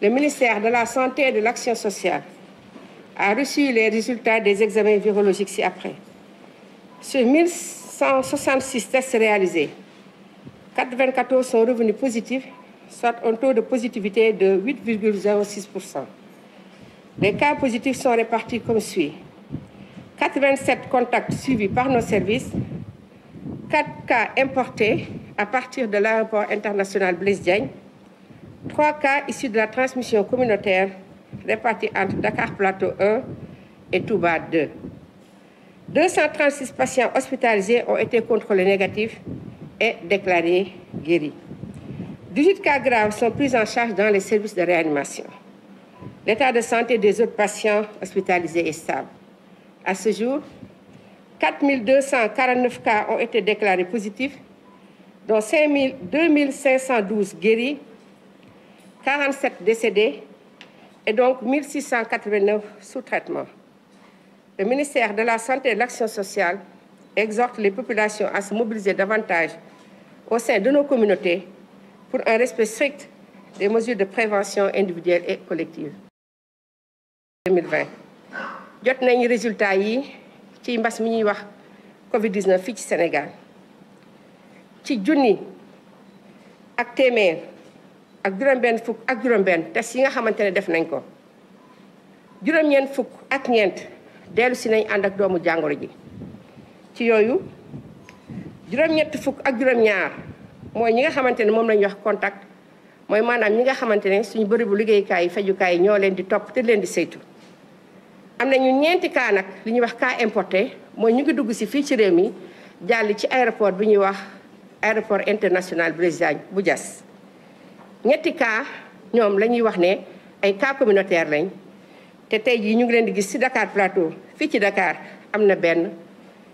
le ministère de la Santé et de l'Action sociale a reçu les résultats des examens virologiques ci-après. Sur 1166 tests réalisés, 94 sont revenus positifs, soit un taux de positivité de 8,06%. Les cas positifs sont répartis comme suit. 87 contacts suivis par nos services, 4 cas importés à partir de l'aéroport international Blaise Trois cas issus de la transmission communautaire répartis entre Dakar Plateau 1 et Touba 2. 236 patients hospitalisés ont été contrôlés négatifs et déclarés guéris. 18 cas graves sont pris en charge dans les services de réanimation. L'état de santé des autres patients hospitalisés est stable. À ce jour, 4249 cas ont été déclarés positifs, dont 5 512 guéris 47 décédés et donc 1689 sous traitement. Le ministère de la Santé et de l'Action sociale exhorte les populations à se mobiliser davantage au sein de nos communautés pour un respect strict des mesures de prévention individuelle et collective. 2020 yi ci Covid-19 ak juróom-benn fukk ak juróom-benn test yi nga xamante ne def nañ ko juróom-ñeent fukk ak ñeent dellu si nañ ànd ak doomu jàngoro ji ci yooyu juróom-ñett fukk ak juróom-ñaar mooy ñi nga xamante ne moom lañuy wax contact mooy maanaam ñi nga xamante ne suñu bërëbu liggéeyukaay yi fajukaay yi ñoo leen di topp te leen di saytu am nañu ñeenti cas li ñuy wax cas importé mooy ñu ngi dugg si fii ci réew mi jàll ci aéroport bi ñuy wax aéroport international Blaise Diagne bu jas ñetti kaa ñoom lañuy wax ne ay cas communautaire lañ te tey jii ñu ngi leen di gis ci Dakar Plateau fii ci Dakar am na benn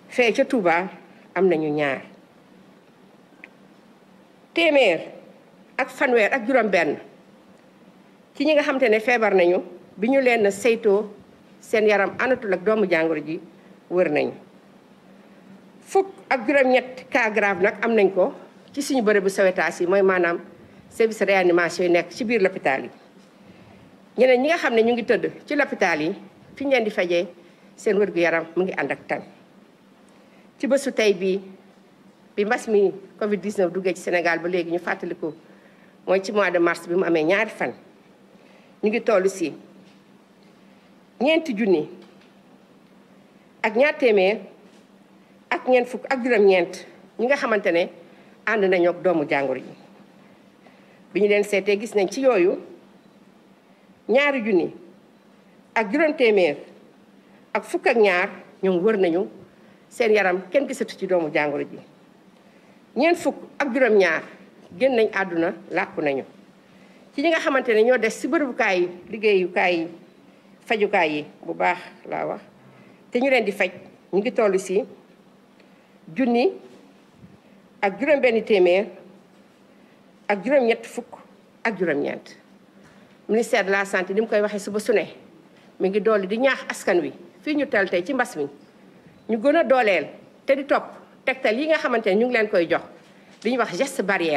fee ca Touba am nañu ñaar téeméer ak fanweer ak juróom-benn ci ñi nga xamante ne feebar nañu bi ñu leen saytoo seen yaram anatul ak doomu jàngoro ji wër nañu fukk ak juróom-ñett cas grave nag am nañ ko ci suñu bërëbu sawetaas yi mooy maanaam. service réanimation yi nekk ci biir l'hôpital yi ñeneen ñi nga xam ne ñu ngi tëdd ci l'hôpital yi fi di fajee seen yaram mu ngi ànd ak tan ci bi mas mi Covid 19 duggee ci Sénégal ba léegi ñu fàttaliku mooy ci mois de mars bi mu amee ñaari fan ñu ngi tollu si ñeenti junni ak ñaar téeméer ak ñeent fukk ak juróom-ñeent ñi nga xamante ne ànd ak doomu jàngoro yi bi ñu leen seetee gis nañ ci yooyu ñaari junni ak juróom téeméer ak fukk ak ñaar ñoom wër nañu seen yaram kenn gisatu ci doomu jàngoro ji ñeent fukk ak juróom ñaar génn nañ àdduna làkku nañu ci ñi nga xamante ne ñoo des si bërëbukaay yi yi yi bu baax laa wax te ñu leen di faj ñu ngi si juni ak juróom benn ak juróom-ñett fukk ak juróom-ñeent ministère de la santé ni mu koy waxee suba su ne mi ngi dolli di ñaax askan wi fii ñu tal tey ci mbas mi ñu gën a dooleel te di topp tegtal yi nga xamante ne ñu ngi leen koy jox li ñuy wax geste barrière